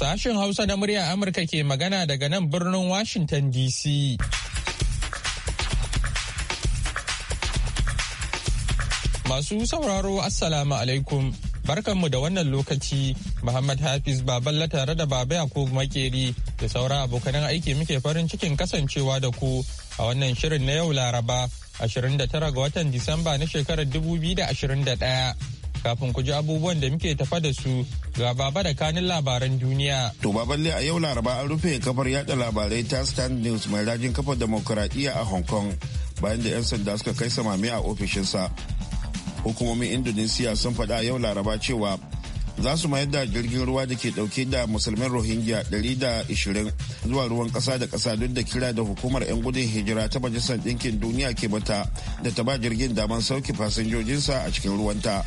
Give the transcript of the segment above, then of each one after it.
Sashen Hausa na murya Amurka ke magana daga nan birnin Washington DC. Masu sauraro Assalamu alaikum. Barkanmu da wannan lokaci, Muhammad Hafiz Baballa tare da Baba Yakubu Makeri da saura abokanan aiki muke farin cikin kasancewa da ku a wannan shirin na yau Laraba 29 ga watan Disamba na shekarar 2021. kafin ku ji abubuwan da muke tafa da su ga baba da kanin labaran duniya. To balle a yau laraba an rufe kafar yada labarai ta Stand News mai rajin kafar demokuraɗiyya a Hong Kong bayan da 'yan sanda suka kai samame a ofishinsa. Hukumomin Indonesia sun faɗa a yau laraba cewa za su mayar da jirgin ruwa da ke ɗauke da musulmin rohingya 120 zuwa ruwan ƙasa da kasa duk da kira da hukumar 'yan gudun hijira ta majalisar ɗinkin duniya ke mata da ta ba jirgin daman sauke fasinjojinsa a cikin ruwanta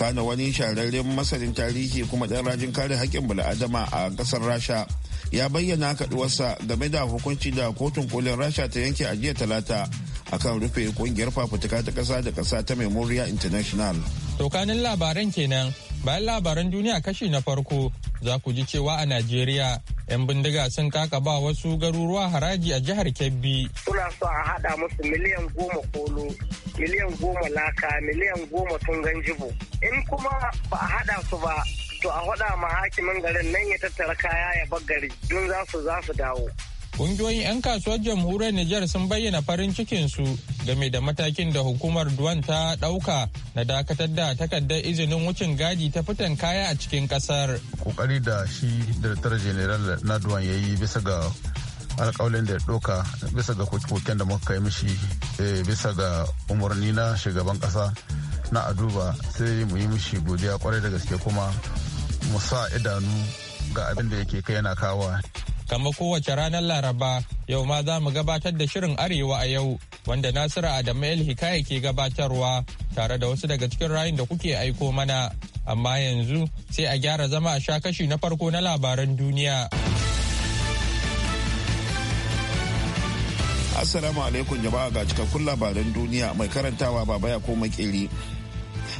kana wani shahararren masanin tarihi kuma ɗan rajin kare haƙƙin bala'adama a ƙasar rasha ya bayyana kaɗuwarsa game da hukunci da kotun kolin rasha ta yanke a jiya talata akan rufe ƙungiyar fafutuka ta ƙasa da ƙasa ta memorial international tokanin labaran kenan bayan labaran duniya kashi na farko za ku ji cewa a Najeriya 'yan bindiga sun kaka ba wasu garuruwa haraji a jihar Kebbi. Suna so a haɗa musu miliyan goma kolo, miliyan goma laka, miliyan goma tun jibo. In kuma ba a haɗa su ba, to a haɗa ma hakimin garin nan ya tattara kaya ya bar gari, don za su za su dawo. Ƙungiyoyin 'yan kasuwar jamhuriyar Nijar sun bayyana farin cikinsu game da matakin da hukumar Duwan ta ɗauka na dakatar da takardar izinin wucin gadi ta fitan kaya a cikin ƙasar. Kokari da shi da General na Duwan ya yi bisa ga alƙawalin da ya ɗauka bisa ga koken da muka kai mishi eh, bisa ga umarni na shugaban kasa na aduba sai mu yi mishi godiya kwarai da gaske kuma mu sa idanu ga abin da yake kai yana kawa kamar kowace ranar Laraba, yau ma za mu gabatar da shirin Arewa a yau, wanda Nasiru Adamu El Hikaya ke gabatarwa tare da wasu daga cikin rayun da kuke aiko mana. Amma yanzu sai a gyara zama a sha kashi na farko na labaran duniya. Assalamu alaikum jama'a ga cikakkun labaran duniya mai karantawa baba ya ko makili.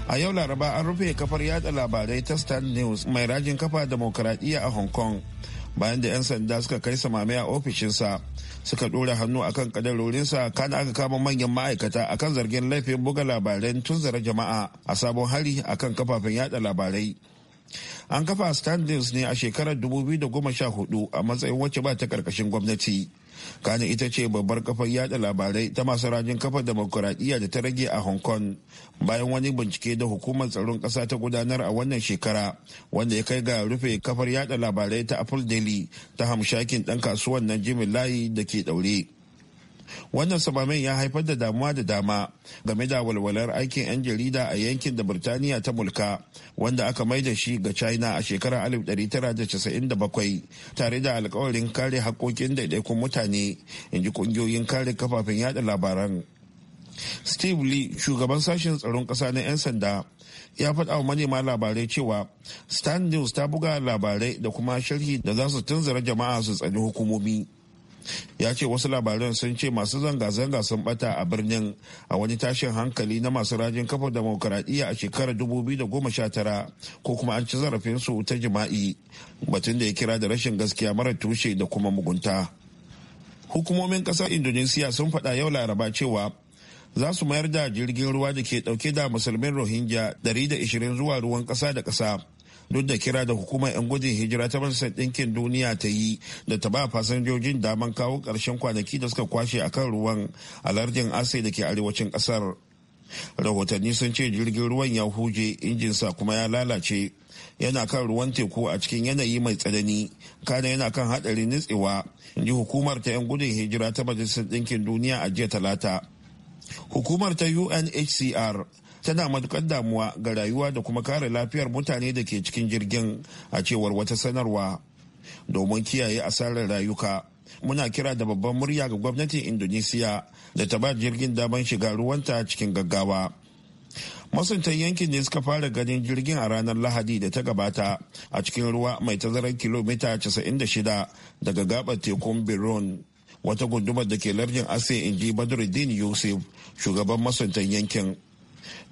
a yau laraba an rufe kafar yada labarai ta stan news mai rajin kafa demokradiyya a hong kong bayan da 'yan sanda suka kai samame a ofishinsa suka ɗora hannu akan kadarorinsa kana aka kama manyan ma'aikata akan zargin laifin buga tun zara jama'a a sabon hari akan kafafen yada labarai an kafa standings ne a shekarar 2014 a matsayin wacce ba ta karkashin gwamnati Kanin ita ce babbar kafar yada labarai ta masu rajin kafar demokuraɗiyya da ta rage a hong kong bayan wani bincike da hukumar tsaron ƙasa ta gudanar a wannan shekara wanda ya kai ga rufe kafar yada labarai ta apple daily ta hamshakin ɗan kasuwan nan layi da ke ɗaure wannan samamen ya haifar da damuwa da dama game da walwalar aikin 'yan jarida a yankin da birtaniya ta mulka wanda aka maida shi ga china a shekarar 1997 tare da alkawarin kare haƙoƙin daidaikun mutane in ji ƙungiyoyin kare kafafen yada labaran steve lee shugaban sashen tsaron ƙasa na 'yan sanda ya faɗa wa manema labarai cewa stan news ta buga labarai da kuma sharhi da za su tunzura jama'a su tsani hukumomi ya ce wasu labaran sun ce masu zanga-zanga sun bata a birnin a wani tashin hankali na masu rajin kafa demokuraɗiyya a shekarar 2019 ko kuma an ci zarafinsu ta jima'i batun da ya kira da rashin gaskiya mara tushe da kuma mugunta hukumomin ƙasar indonesiya sun faɗa yau laraba cewa za su mayar da jirgin ruwa da ke ɗauke da musulmin rohingya 120 zuwa ruwan ƙasa da ƙasa duk da kira da hukumar 'yan gudun hijira ta majalisar ɗinkin duniya ta yi da ta ba fasinjojin daman kawo ƙarshen kwanaki da suka kwashe a kan ruwan a lardin asai da ke arewacin ƙasar rahotanni sun ce jirgin ruwan ya huje injinsa kuma ya lalace yana kan ruwan teku a cikin yanayi mai tsanani kana yana kan hadarin nutsewa in ji hukumar ta 'yan gudun hijira ta majalisar ɗinkin duniya a jiya talata hukumar ta unhcr tana matukar damuwa ga rayuwa da kuma kare lafiyar mutane da ke cikin jirgin a cewar wata sanarwa domin kiyaye asarar rayuka muna kira da babban murya ga gwamnatin indonesiya da ta ba jirgin daman shiga ruwanta cikin gaggawa masuntan yankin ne suka fara ganin jirgin a ranar lahadi da ta gabata a cikin ruwa mai tazarar kilomita 96 daga gabar tekun biron wata gundumar da ke larjin ase inji badruddin yusuf shugaban masuntan yankin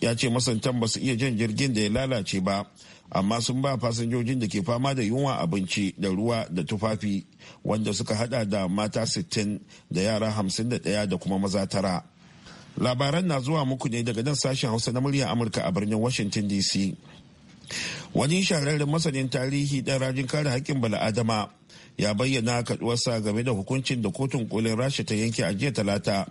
ya ce masantan ba su iya jan jirgin da ya lalace ba amma sun ba fasinjojin da ke fama da yunwa abinci da ruwa da tufafi wanda suka hada da mata 60 da yara 51 da kuma maza tara labaran na zuwa muku ne daga nan sashen hausa na murya amurka a birnin washington dc wani shahararren masanin tarihi dan rajin kare haƙƙin bala'adama ya bayyana kaduwarsa game da hukuncin da kotun kolin rasha ta yanke a jiya talata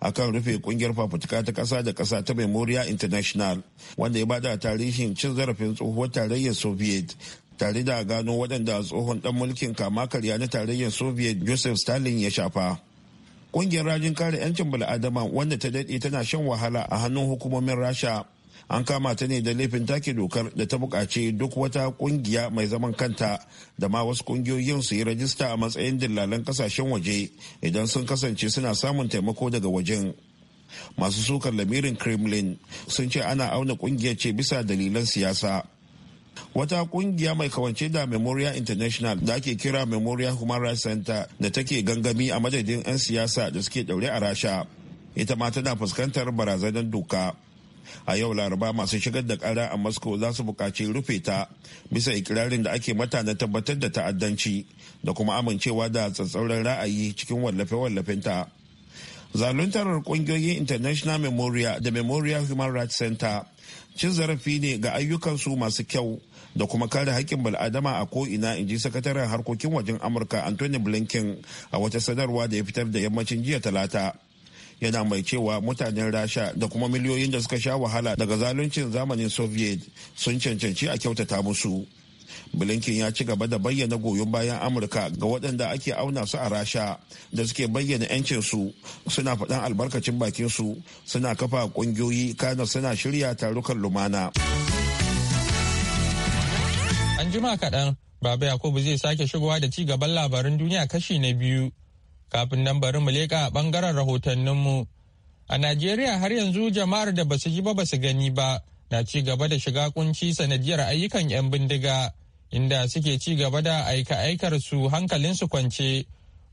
akan rufe kungiyar fafutuka ta kasa da kasa ta memoria international wanda ya bada tarihin cin zarafin tsohuwar tarayyar soviet tare da gano waɗanda tsohon ɗan mulkin kama karya na tarayyar soviet joseph stalin ya shafa kungiyar rajin kare 'yancin bala'adama wanda ta daɗe tana shan wahala a hannun hukumomin rasha an kama ta ne da laifin take dokar da ta bukaci duk wata kungiya mai zaman kanta da ma wasu kungiyoyin su yi rajista a matsayin dillalan kasashen waje idan sun kasance suna samun taimako daga wajen masu sukar lamirin kremlin sun ce ana auna kungiyar ce bisa dalilan siyasa wata kungiya mai kawance da memoria international da ake kira memorial human rights center da take gangami a madadin 'yan siyasa da suke daure a rasha ita ma tana fuskantar barazanar doka a yau laraba masu shigar da kara a moscow za su buƙaci rufe ta bisa ikirarin da ake mata na tabbatar da ta'addanci da kuma amincewa da tsatsauran ra'ayi cikin wallafe-wallafenta zaluntarar kungiyoyin international memorial da memorial human rights center cin zarafi ne ga ayyukansu masu kyau da kuma kare haƙƙin bal'adama a ko'ina in ji sakataren harkokin wajen amurka anthony blinken a wata sanarwa da ya fitar da yammacin jiya talata yana mai cewa mutanen rasha da kuma miliyoyin da suka sha wahala daga zaluncin zamanin soviet sun cancanci a kyautata musu blinken ya ci gaba da bayyana goyon bayan amurka ga waɗanda ake auna su a rasha da suke bayyana 'yancinsu suna faɗan albarkacin su suna kafa ƙungiyoyi kana suna shirya tarukan lumana an jima kaɗan baba yakubu zai sake shigowa da ci gaban labaran duniya kashi na biyu Kafin nan bari mu leƙa a ɓangaren rahotanninmu. A Najeriya har yanzu jama'ar da basu ji ba basu gani ba na ci gaba da shiga kunci sanadiyar ayyukan 'yan bindiga inda suke ci gaba da aika-aikar su hankalinsu kwance.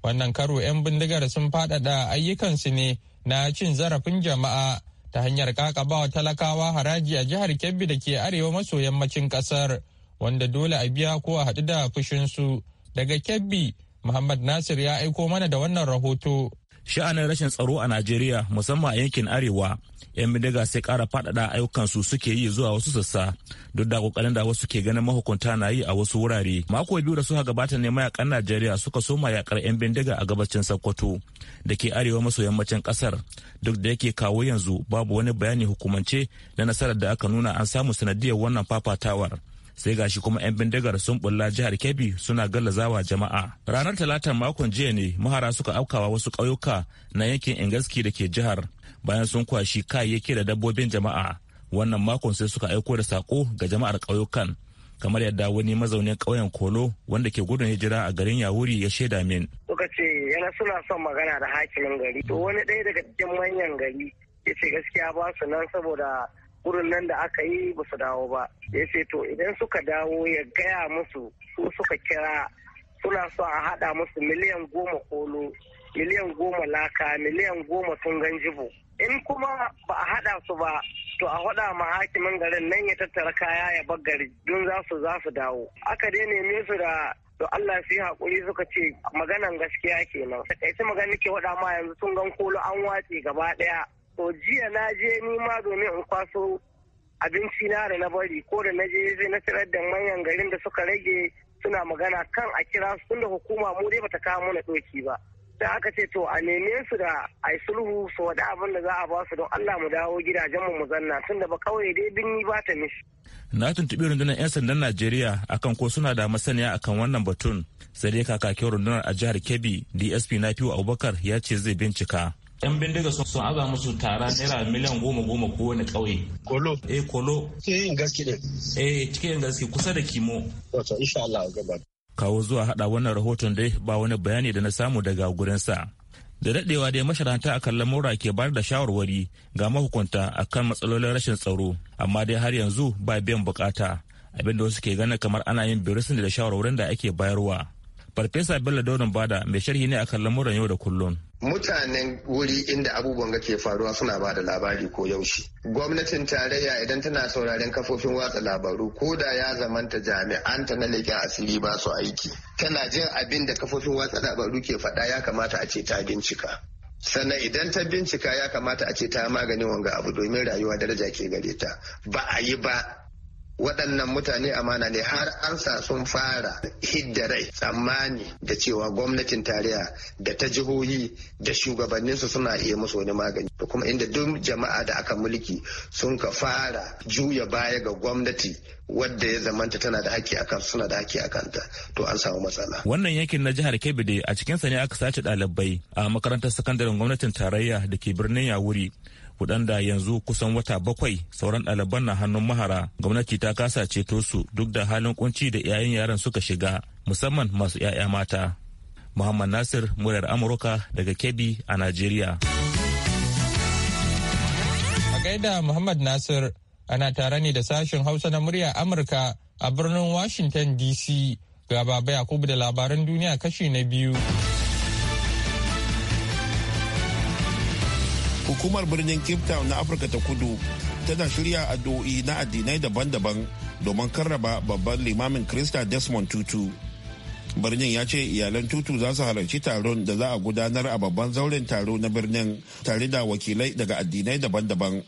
Wannan karo 'yan bindigar sun faɗaɗa ayyukan su ne na cin zarafin jama'a ta hanyar kakabawa talakawa haraji a jihar Kebbi da ke arewa maso yammacin ƙasar wanda dole a biya ko a haɗu da fushinsu daga Kebbi. Muhammad Nasir ya aiko mana da wannan rahoto. Sha'anin rashin tsaro a Najeriya musamman a yankin Arewa, 'yan bindiga sai ƙara faɗaɗa ayyukansu suke yi zuwa wasu sassa duk da ƙoƙarin da wasu ke ganin mahukunta na yi a wasu wurare. Mako biyu da suka gabata ne mayakan Najeriya suka soma yakar 'yan bindiga a gabacin Sokoto da ke arewa maso yammacin ƙasar duk da yake kawo yanzu babu wani bayani hukumance na nasarar da aka nuna an samu sanadiyar wannan fafatawar. sai gashi kuma 'yan bindigar sun bulla jihar kebbi suna gallazawa jama'a ranar talatan makon jiya ne mahara suka aukawa wasu ƙauyuka na yankin ingaski da ke jihar bayan sun kwashi kayayyaki da dabbobin jama'a wannan makon sai suka aiko da sako ga jama'ar ƙauyukan kamar yadda wani mazaunin ƙauyen kolo wanda ke gudun hijira a garin yawuri ya shaida min. suka ce yana suna son magana da hakimin gari to wani ɗaya daga cikin manyan gari ya ce gaskiya ba su nan saboda wurin nan da aka yi ba su dawo ba ya ce to idan suka dawo ya gaya musu su suka kira suna so a haɗa musu miliyan goma kolo miliyan goma laka miliyan goma tungan jibo in kuma ba a haɗa su ba to a haɗa ma hakimin garin nan ya tattara kaya ya bar gari don za su za su dawo aka dai neme su da to Allah su yi haƙuri suka ce maganan gaskiya kenan takaice magana ke waɗa ma yanzu sun gan kolo an watse gaba ɗaya to jiya na je ni domin in kwaso abinci na da na bari ko da na je zai na tarar da manyan garin da suka rage suna magana kan a kira su tunda hukuma mu dai bata kawo mana doki ba da aka ce to a neme su da a sulhu su wada abin da za a basu don Allah mu dawo gidajen mu zanna tunda ba kawai dai binni ba ta mishi na tuntubi rundunar 'yan sandan najeriya akan ko suna da masaniya akan wannan batun sai dai kakakin rundunar a jihar kebbi dsp nafiu abubakar ya ce zai bincika yan bindiga sun aza musu tara naira miliyan goma goma ko wani kauye. Kolo. Eh kolo. Cikin gaske ne. Eh cikin gaske kusa da kimo. Wato insha Allah gaba. Kawo zuwa hada wannan rahoton dai ba wani bayani da na samu daga gurinsa. Da daɗewa dai masharanta akan lamura ke bayar da shawarwari ga mahukunta akan matsalolin rashin tsaro amma dai har yanzu ba biyan bukata abinda wasu ke ganin kamar ana yin birisin da shawarwarin da ake bayarwa. Farfesa Bello donin Bada mai sharhi ne akan lamuran yau da kullum. mutanen wuri inda abubuwan ga ke faruwa suna ba da labari ko yaushe gwamnatin tarayya idan tana sauraren kafofin watsa labaru ko da ya zamanta jami'anta na leƙen asiri ba su aiki tana jin abin da kafofin watsa labaru ke faɗa ya kamata a ce ta bincika sannan idan ta bincika ya kamata a ce ta magani wanga abu domin rayuwa daraja ke gare ta ba a yi ba waɗannan mutane amana ne har an sa sun fara hidda rai tsammani da cewa gwamnatin tarayya da ta jihohi da shugabanninsu suna iya musu wani magani da kuma inda duk jama'a da aka mulki sun ka fara juya baya ga gwamnati wadda ya zamanta tana da haƙƙi akan suna da haƙƙi akan ta to an samu matsala. Wannan yankin na jihar Kebbi a cikin sa ne aka sace ɗalibai a makarantar sakandaren gwamnatin tarayya da ke birnin Yawuri waɗanda yanzu kusan wata bakwai sauran ɗaliban na hannun mahara gwamnati ta kasa ceto su duk da halin kunci da 'ya'yan yaran suka shiga musamman masu 'ya'ya mata muhammad nasir muryar amurka daga kebbi a najeriya a gaida muhammad nasir ana tare ne da sashen hausa na muryar amurka a birnin washington dc ga baba yakubu da labaran duniya kashi na biyu hukumar birnin cape town na afirka ta kudu tana shirya addu'o'i na addinai daban-daban domin karraba babban limamin krista desmond tutu birnin ya ce iyalan tutu za su halarci taron da za a gudanar a babban zauren taro na birnin tare da wakilai daga addinai daban-daban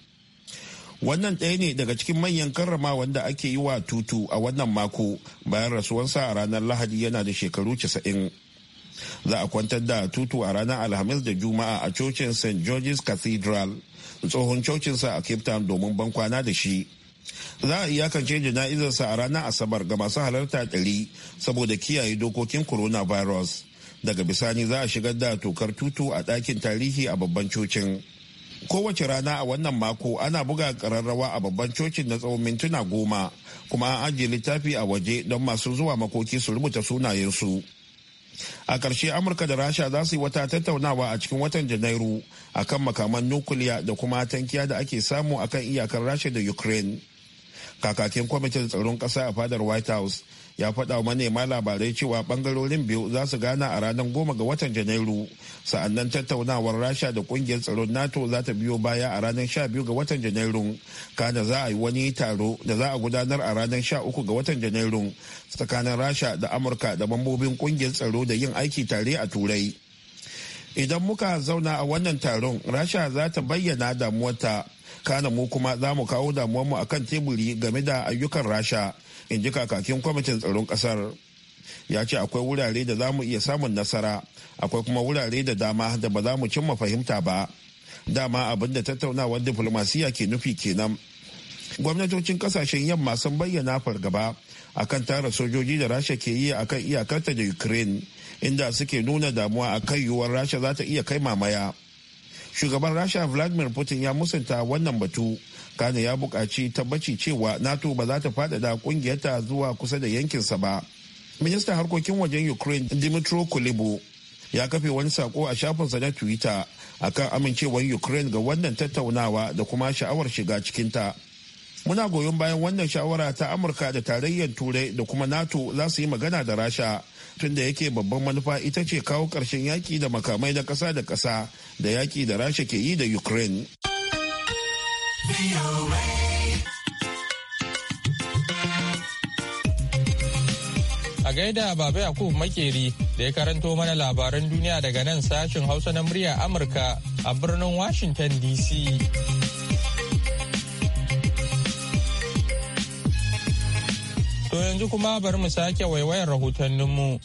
wannan ɗaya ne daga cikin manyan karrama wanda ake yi wa tutu a wannan mako bayan rasuwansa a ranar lahadi yana da shekaru 90 za a kwantar da tutu a ranar alhamis da juma'a a cocin st george's cathedral tsohon cocinsa a cape town domin bankwana da shi za a iyakance jana'izarsa a ranar asabar ga masu halarta ɗari saboda kiyaye dokokin coronavirus daga bisani za a shigar da tokar tutu a ɗakin tarihi a babban cocin kowace rana a wannan mako ana buga ƙararrawa a babban cocin na tsawon mintuna goma kuma an ajiye littafi a waje don masu zuwa makoki su rubuta sunayensu. su a ƙarshe amurka da rasha za su yi wata tattaunawa a cikin watan janairu akan makaman nukuliya da kuma tankiya da ake samu akan iyakar rasha da ukraine kakakin kwamitin tsaron ƙasa a fadar white house ya faɗa manema labarai cewa bangarorin biyu za su gana a ranar goma ga watan janairu sa'annan tattaunawar rasha da ƙungiyar tsaron nato za ta biyo baya a ranar sha biyu ga watan janairu kana za a yi wani taro da za a gudanar a ranar sha uku ga watan janairu tsakanin rasha da amurka da mambobin ƙungiyar tsaro da yin aiki tare a turai idan muka zauna a wannan taron rasha za ta bayyana damuwarta kana mu kuma za mu kawo damuwarmu akan teburi game da ayyukan rasha in ji kakakin kwamitin tsaron ƙasar ya ce akwai wurare da za mu iya samun nasara akwai kuma wurare da dama da ba za mu cimma fahimta ba dama abin da tattaunawar diflomasiya ke nufi kenan gwamnatocin kasashen yamma sun bayyana fargaba akan tara sojoji da rasha ke yi akan iyakarta da ukraine inda suke nuna damuwa a kan yiwuwar rasha za ta iya kai mamaya shugaban rasha vladimir putin ya musanta wannan batu kane ya buƙaci tabbaci cewa nato ba za ta faɗaɗa ƙungiyarta zuwa kusa da yankinsa ba ministan harkokin wajen ukraine dimitro kulebo ya kafe wani sako a shafinsa na twitter akan amincewar ukraine ga wannan tattaunawa da kuma sha'awar shiga cikinta muna goyon bayan wannan shawara ta amurka da tarayyar turai da kuma nato za su yi magana da rasha tun da yake babban manufa ita ce kawo karshen yaƙi da makamai na ƙasa da ƙasa da yaƙi da rasha ke yi da ukraine A gaida Baba Yakubu Makeri da ya karanto mana labaran duniya daga nan sashen Hausa na murya Amurka a birnin Washington DC. To yanzu kuma bari mu sake waiwayar rahotanninmu.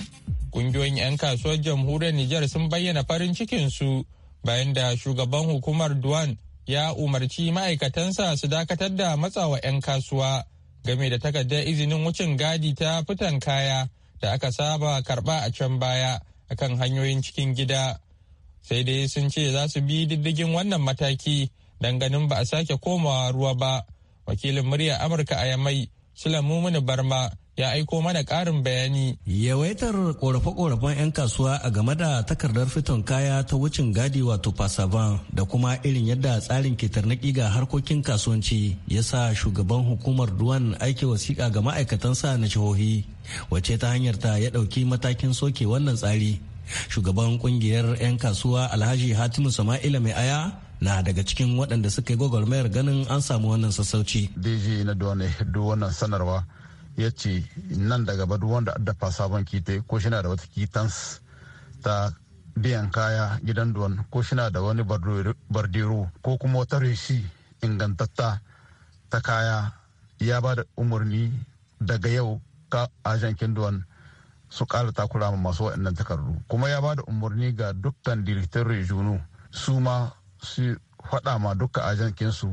ƙungiyoyin 'yan kasuwar jamhuriyar Nijar sun bayyana farin cikinsu bayan da shugaban hukumar Duane ya umarci ma'aikatansa su dakatar da matsawa 'yan kasuwa game da takardar izinin wucin gadi ta fitan kaya da aka saba karba a can baya akan hanyoyin cikin gida sai dai sun ce za su bi diddigin wannan mataki don ganin ba a sake komawa ruwa ba wakilin murya amurka a yamai sulamu barma ya aiko mana ƙarin bayani. Yawaitar ƙorafe-ƙorafen 'yan kasuwa a game da takardar fiton kaya ta wucin gadi wato pasaban da kuma irin yadda tsarin ke tarnaki ga harkokin kasuwanci ya sa shugaban hukumar duwan aiki wasiƙa ga ma'aikatansa na jihohi wacce ta hanyar ta ya ɗauki matakin soke wannan tsari. Shugaban ƙungiyar 'yan kasuwa Alhaji Hatimu Sama'ila Mai Aya na daga cikin waɗanda suka yi gwagwarmayar ganin an samu wannan sassauci. DG na duwane duk wannan sanarwa ya ce nan daga duk wanda addafa sabon kite ko shi da wata kitans ta biyan kaya gidan duwan ko shi da wani bardero ko kuma wata reshi ingantatta ta kaya ya ba da umarni daga yau ka ajankin duwan su kara takura ma masu waɗannan takardu kuma ya ba da umarni ga dukkan direktan rejunu su ma su faɗa ma dukkan ajankinsu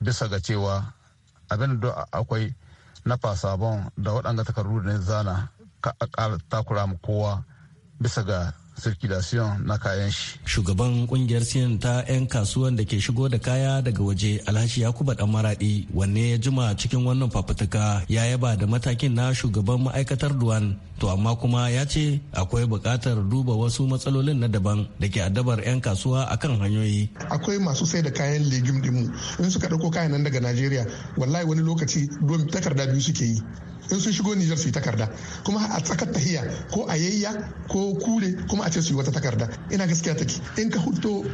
bisa ga cewa abin da akwai na fasabon da waɗanda takardu da zana ka a takura mu kowa bisa ga circulation na kayan shi. Shugaban kungiyar sin ta 'yan kasuwan da ke shigo da kaya daga waje Alhaji Yakuba dan Maradi wanne ya jima cikin wannan fafutuka ya yaba da matakin na shugaban ma'aikatar Duwan to amma kuma ya ce akwai bukatar duba wasu matsalolin na daban da ke addabar 'yan kasuwa akan hanyoyi. Akwai masu sai da kayan legume dinmu in suka ɗauko kayan nan daga Najeriya wallahi wani lokaci takarda biyu suke yi in sun shigo Nijar su yi takarda kuma a tsakar tahiya ko a yayya ko kure kuma a ce su yi wata takarda ina gaskiya take in ka huto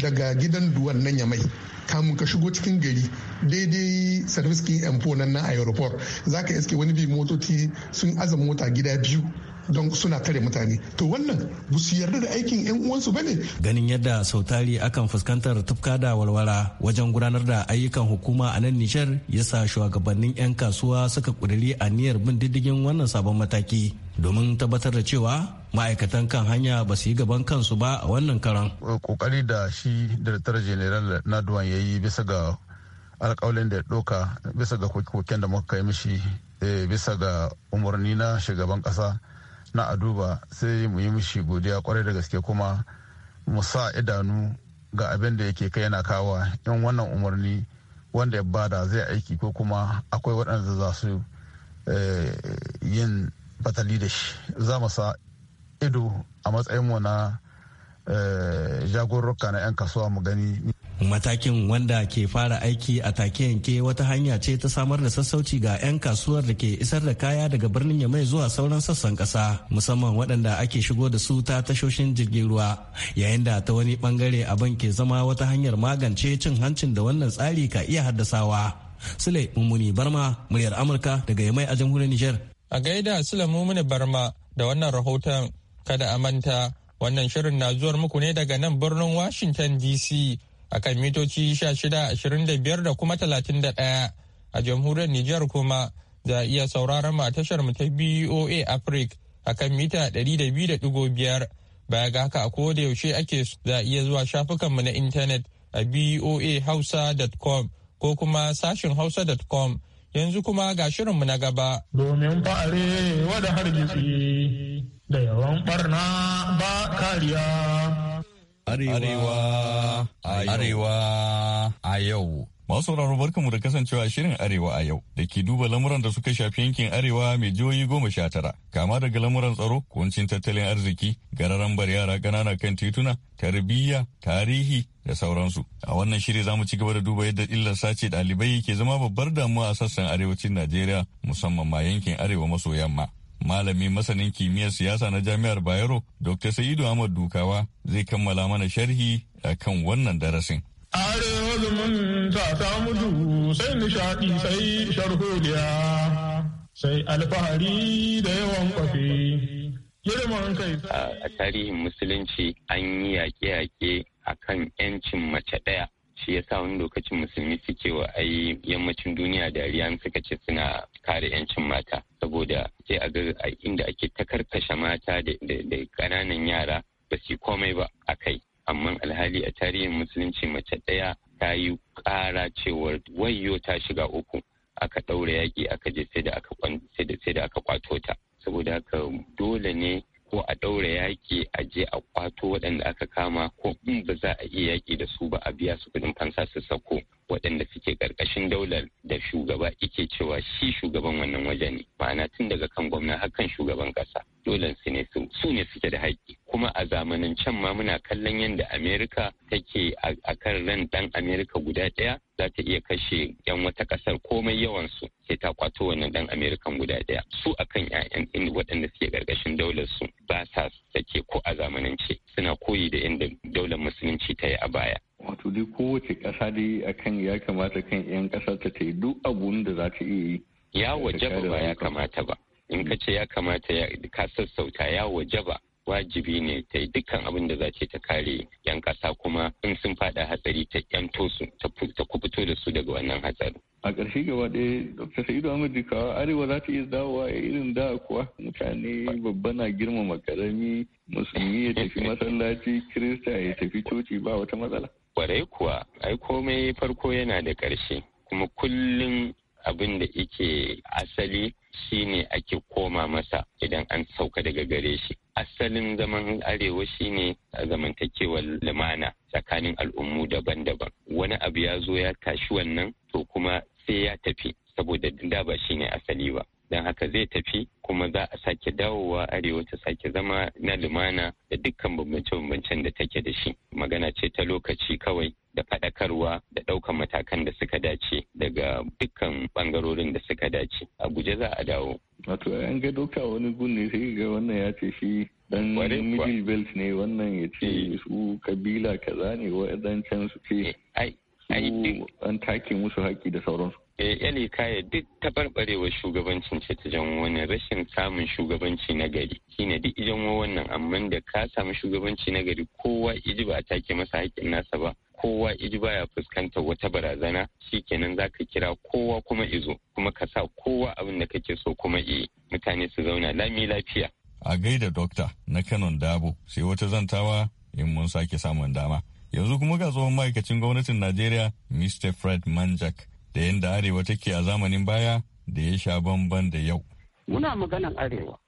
daga gidan duwan nan yamai mai kamun ka shigo cikin gari daidai service king m nan na aeroport za ka iske wani bi motoci sun aza mota gida biyu don suna tare mutane to wannan ba su yarda da aikin yan uwansu bane ganin yadda sautari akan fuskantar tufka da walwala wajen gudanar da ayyukan hukuma a nan Nijar yasa shugabannin yan kasuwa suka a niyyar bin diddigin wannan sabon mataki domin tabbatar da cewa ma'aikatan kan hanya ba su yi gaban kansu ba a wannan karan. kokari da shi Director General Nadwan ya yi bisa ga alkawalin da ya ɗauka bisa ga koken da muka kai mishi eh, bisa ga umarni na shugaban kasa. na a duba sai mu yi mishi godiya kwarai da gaske kuma mu sa idanu ga abin da yake kai yana kawa in wannan umarni wanda ya bada zai aiki ko kuma akwai waɗanda za su eh, yin batali da shi za mu sa ido a matsayinmu na eh, jagororka na 'yan kasuwa mu gani matakin wanda ke fara aiki a take yanke wata hanya ce ta samar da sassauci ga 'yan kasuwar da ke isar da kaya daga birnin yamai zuwa sauran sassan kasa musamman waɗanda ake shigo da su ta tashoshin jirgin ruwa yayin da ta wani bangare abin ke zama wata hanyar magance cin hancin da wannan tsari ka iya haddasawa sule mummuni barma muryar amurka daga yamai a jamhuriyar nijar a gaida sule mummuni barma da wannan rahoton kada a manta wannan shirin na zuwar muku ne daga nan birnin washington dc akan mitoci 1625 da kuma 31 a jamhuriyar Nijar kuma za a iya sauraron mu a tashar mu ta BOA Africa akan mita 200.5 baya ga haka a da yaushe ake za a iya zuwa shafukan mu na intanet a boahausa.com ko kuma sashin hausa.com yanzu kuma ga shirinmu na gaba. Domin fa'are wada hargitsi da yawan barna ba kariya. Arewa Arewa a yau. Masu sauraro barkanmu da kasancewa shirin Arewa a yau da ke duba lamuran da suka shafi yankin Arewa mai jihohi goma sha tara. Kama daga lamuran tsaro, kuncin tattalin arziki, gararan bar yara ƙanana kan tituna, tarbiyya, tarihi da sauransu. A wannan shiri za mu ci gaba da duba yadda illar sace ɗalibai ke zama babbar damuwa a sassan arewacin Najeriya musamman ma yankin Arewa maso yamma. malami masanin kimiyyar siyasa na jami'ar bayero dr sa'idu ahmad dukawa zai kammala mana sharhi a kan wannan darasin arewa zumunta ta nishaɗi sai sai alfahari da yawan a tarihin musulunci an yi yaƙe-yaƙe a kan 'yancin mace ɗaya shi yasa wani lokacin musulmi suke wa ai yammacin duniya dariya suka ce suna kare yancin mata saboda sai a ga inda ake ta karkashe mata da ƙananan yara ba su komai ba a kai amma alhali a tarihin musulunci mace ɗaya ta yi ƙara cewar wayo ta shiga uku aka ɗaura yaƙi aka je sai da aka kwato ta saboda haka dole ne ko a ɗaura yaƙi a je a kwato waɗanda aka kama ko in hmm. ba za a iya yaƙi da su ba a biya su kuɗin fansa su sako waɗanda suke ƙarƙashin daular da shugaba ike cewa shi shugaban wannan waje ne ma'ana tun daga kan gwamna hakan shugaban ƙasa dole su ne su ne suke da haƙƙi kuma a zamanin can ma muna kallon yadda amerika take a kan ran ɗan amerika guda ɗaya za ta iya kashe 'yan wata kasar komai yawansu sai ta kwato wannan dan amerikan guda daya su akan 'ya'yan inda waɗanda suke ƙarƙashin daular su ba sa sake ko a zamanance suna koyi da inda daular musulunci ta yi a baya wato dai kowace ƙasa dai akan ya kamata kan 'yan ƙasar ta ta yi duk abun da za ta iya yi ya wajaba ba ya kamata ba in ka ce ya kamata ya ka sassauta ya wajaba wajibi ne ta yi dukkan abin da za ce ta kare 'yan kasa kuma in sun fada hatsari ta 'yanto su ta kubuto da su daga wannan hatsari. a ƙarshe gaba ɗaya dr sa'idu ahmad dukawa arewa za ta iya dawowa a irin da kuwa mutane babba na girmama karami musulmi ya tafi masallaci kirista ya tafi coci ba wata matsala. kwarai kuwa ai komai farko yana da ƙarshe kuma kullum abin da yake asali shine ake koma masa idan an sauka daga gare shi asalin zaman arewa shine zamantakewar lumana tsakanin al'ummu daban-daban wani abu ya zo ya tashi wannan to kuma sai ya tafi saboda da ba shine asali ba don haka zai tafi kuma za a sake dawowa arewa ta sake zama na lumana da dukkan bambance-bambancen da take da shi magana ce ta lokaci kawai da faɗakarwa da ɗaukan matakan da suka dace daga dukkan bangarorin da suka dace a guje za a dawo wato an ga doka wani gun ne sai ga wannan ya ce shi dan middle belt ne wannan ya ce eh. su kabila kaza ne wa'adancan su ce eh, an take musu haƙi da sauransu yali eh, kaya duk taɓarɓarewar shugabancin ce ta janwo wannan rashin samun shugabanci na gari shine duk janwo wannan amma da ka samu shugabanci na gari kowa iji ba a take masa haƙƙin nasa ba kowa iji ba ya fuskantar wata barazana shikenan za ka kira kowa kuma izo kuma ka sa kowa abin da kake so kuma iya mutane su zauna lami lafiya. A gaida dokta na Kanon Dabo sai wata zantawa in mun sake samun dama. Yanzu kuma ga tsohon ma'aikacin gwamnatin Najeriya Mr. Fred Manjak da yadda arewa take a zamanin baya da ya sha bamban da yau. Muna maganan arewa,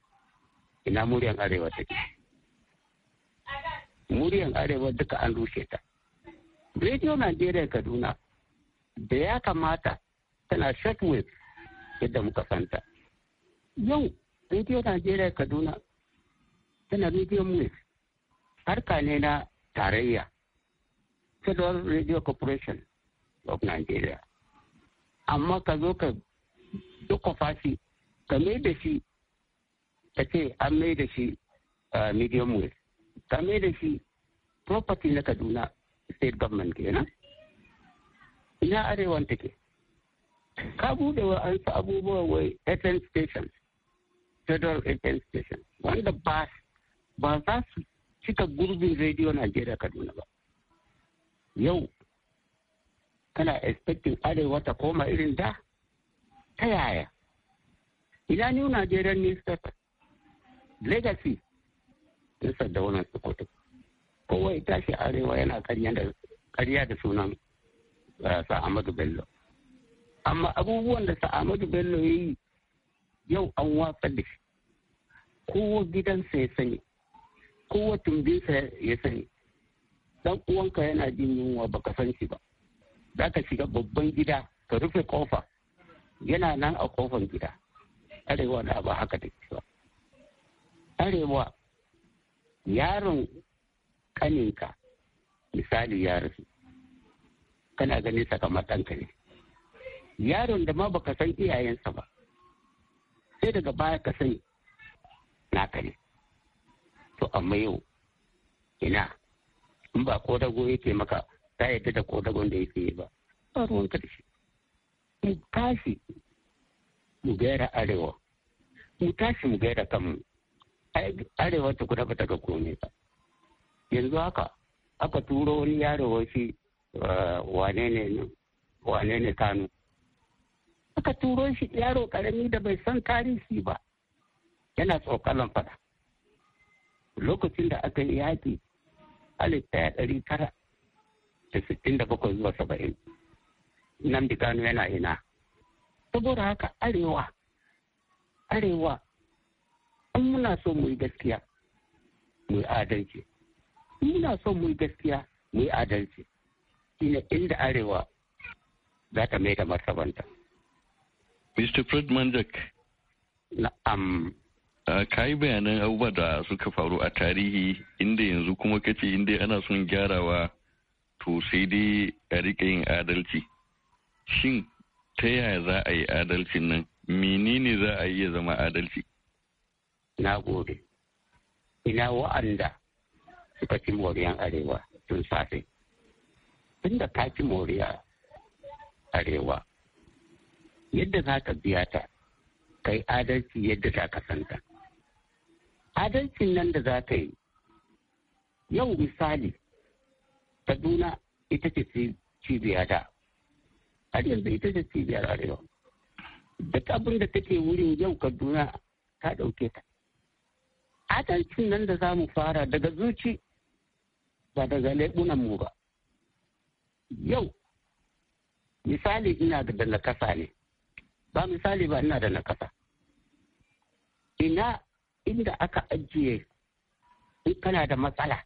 ina muryan arewa take. Muryan arewa duka an rushe ta. Radio Najeriya Kaduna da ya kamata tana shortwave yadda muka fanta Yau Radio Najeriya Kaduna tana Radio Wave harka ne na tarayya. Federal Radio Corporation of Nigeria. amma ka zo ka dukwafa shi ka mai da shi ka ce an mai da shi medium wave ka mai da shi property na kaduna state government kenan ina arewan take ka bude wa an su abubuwa wai FN station federal FN station wanda ba ba za su cika gurbin radio Najeriya Kaduna ba yau kana expecting arewa ta koma irin da ta yaya ina new nigerian newspaper legacy din sadaunan wannan kowa Kowai tashi arewa yana karya da sunan eh, sa'amadu bello amma abubuwan da sa'amadu bello ya yi yau an watsa da shi kowa gidansa ya sani kowa tumbinsa ya sani dan uwanka yana jin yunwa baka san shi ba za ka shiga babban gida ka rufe kofa yana nan a kofan gida arewa na ba haka da ba arewa yaron kaninka misali ya rufe kana ganin sakamar ɗanka ne yaron da ma baka san iyayensa ba sai daga baya ka sani naka ne to amma yau ina in ba ko dago yake maka ta yadda da kodagon da yake yi ba ba ruwan karshe mu tashi mu gaira arewa mu tashi mu gaira kanmu arewa ta kuda bata ga komai ba yanzu haka aka turo wani yaro shi eh, wane ne nan wane ne kano aka turo shi yaro karami da bai san tarihi ba yana tsokalan fada lokacin da aka yi yaƙi alif ɗaya ɗari tara 67 zuwa 70 nan Kano yana ina saboda haka arewa arewa in muna so mu yi gaskiya mu yi adalci muna so mu yi gaskiya mu yi adalci shine inda arewa za ta mai da martabanta Mr. Fred jack Na'am. ka yi bayanan abubuwa da suka faru a tarihi inda yanzu kuma kace inda ana son gyarawa to sai dai a riƙa yin adalci shin ta yaya za a yi adalcin nan menene za a iya zama adalci na gode ina wa'anda suka ci moriyan arewa tun safe tun da ka ci moriya arewa yadda za ka biya ta ka yi adalci yadda za ka adalcin nan da za ka yi yau misali kaduna ita ce cibiyata har yanzu hmm. ita ce cibiyar arewa duk abin da take wurin yau kaduna ta ɗauke ta adalcin nan da za mu fara daga zuci ba daga mu ba yau misali ina da kasa ne ba misali ba ina da nakasa ina inda aka ajiye in kana da matsala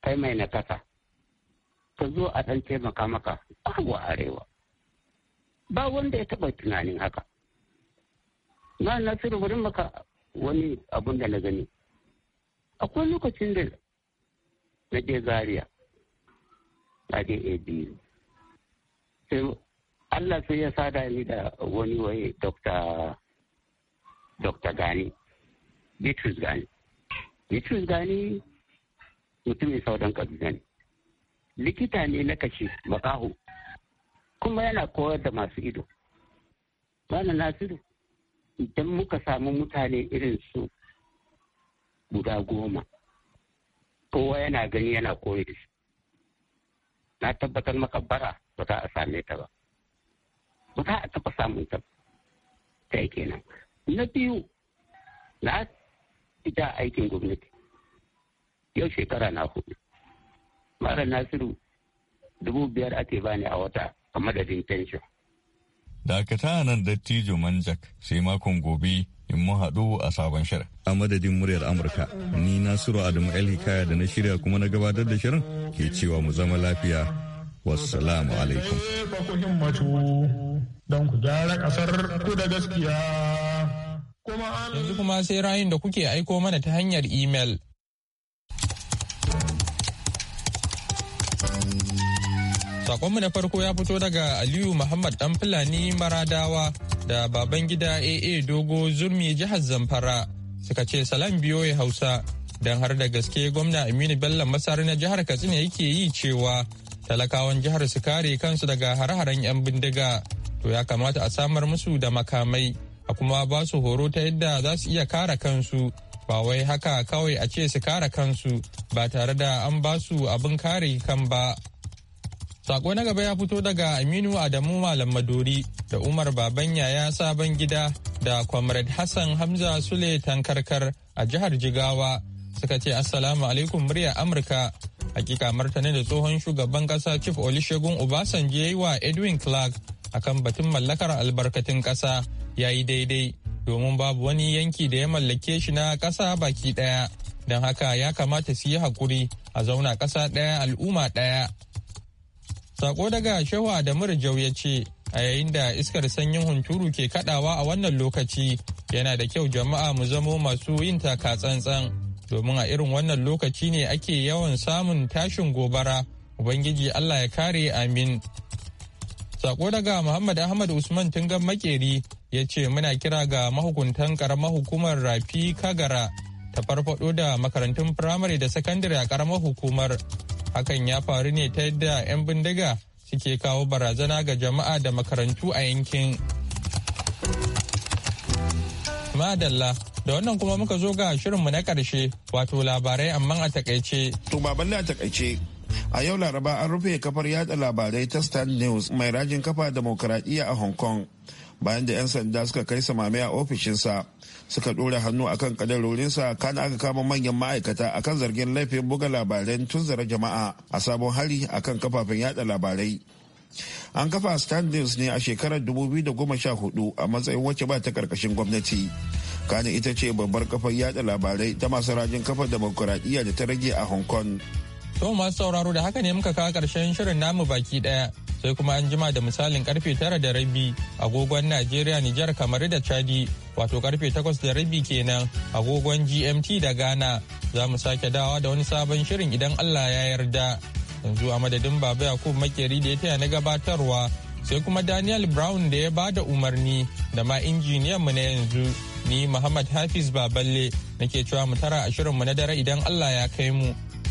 kai mai nakasa ka zo a ɗan taimaka maka babu arewa ba wanda ya taɓa tunanin haka na nasiru wurin maka wani abun da na gani akwai lokacin da na je zaria na je sai allah sai ya sada ni da wani waye dr gani bitrus gani bitrus gani mutumin saudan kaduna ne likita ne na kashe makaho kuma yana koyar da masu ido bana nasiru idan muka samu mutane irin su guda goma kowa yana gani yana koyi da shi na tabbatar bara ba za a same ta ba ba za a taɓa samun ta ta yake nan. na biyu na ita aikin gwamnati yau shekara na hudu Malam Nasiru dubu biyar ake bani a wata a madadin pension. Dakata nan dattijo manjak sai makon gobe in mu haɗu a sabon shirin. A madadin muryar Amurka, ni Nasiru Adamu El Hikaya da na shirya kuma na gabatar da shirin ke cewa mu zama lafiya. Wassalamu alaikum. Yanzu kuma sai rayun da kuke aiko mana ta hanyar imel. Sakonmu na farko ya fito daga Aliyu Muhammad Dan Fulani Maradawa da Babangida AA Dogo Zurmi jihar Zamfara suka ce salam biyo ya Hausa don har da gaske gwamna Aminu Bello Masar na jihar Katsina yake yi cewa talakawan jihar su kare kansu daga har-haren 'yan bindiga to ya kamata a samar musu da makamai a kuma ba su horo ta yadda za su iya kare kansu ba wai haka kawai a ce su kare kansu ba tare da an ba su abin kare kan ba sako na gaba ya fito daga aminu adamu malam madori da umar baban yaya sabon gida da comrade hassan hamza sule tankarkar a jihar jigawa suka ce assalamu alaikum murya amurka hakika martani da tsohon shugaban kasa chief olusegun obasanjo ya yi wa edwin clark akan batun mallakar albarkatun kasa ya yi daidai domin babu wani yanki da ya mallake shi na ƙasa baki ɗaya don haka ya kamata su yi haƙuri a zauna ƙasa ɗaya al'umma ɗaya. Sako daga Shehu da Rijau ya ce, a yayin da iskar sanyin hunturu ke kaɗawa a wannan lokaci yana da kyau jama'a mu zamo masu yin taka tsantsan domin a irin wannan lokaci ne ake yawan samun tashin gobara Ubangiji Allah ya kare amin. Sako daga Muhammad Ahmad Usman Tungan Makeri ya ce muna kira ga mahukuntan karamar hukumar Rafi Kagara ta farfado da makarantun firamare da sakandare a karamar hukumar. Hakan ya faru ne ta yadda 'yan bindiga suke kawo barazana ga jama'a da makarantu a yankin. Madalla da wannan kuma muka zo ga shirinmu na karshe wato labarai amma a takaice. To baban a takaice a yau laraba an rufe kafar yada labarai ta stan news mai rajin kafa demokradiyya a hong kong bayan da 'yan sanda suka kai samame a ofishinsa suka ɗora hannu akan kadarorinsa kan aka kama manyan ma'aikata akan zargin laifin buga labarai tun zara jama'a a sabon hari akan kafafen yada labarai an kafa stan news ne a shekarar 2014 a matsayin wacce ba ta karkashin gwamnati kane ita ce babbar kafar yada labarai ta masu rajin kafar demokuraɗiyya da ta rage a hong kong To masu sauraro da haka ne muka kawo ƙarshen shirin namu baki ɗaya sai kuma an jima da misalin karfe tara da rabi agogon Najeriya Nijar kamar da Chadi wato karfe takwas da rabi kenan agogon GMT da Ghana za mu sake dawa da wani sabon shirin idan Allah ya yarda. Yanzu a madadin Baba Yakubu Makeri da ya taya na gabatarwa sai kuma Daniel Brown da ya bada umarni da ma injiniyan mu na yanzu ni Muhammad Hafiz Baballe nake cewa mu tara a shirin mu na dare idan Allah ya kai mu.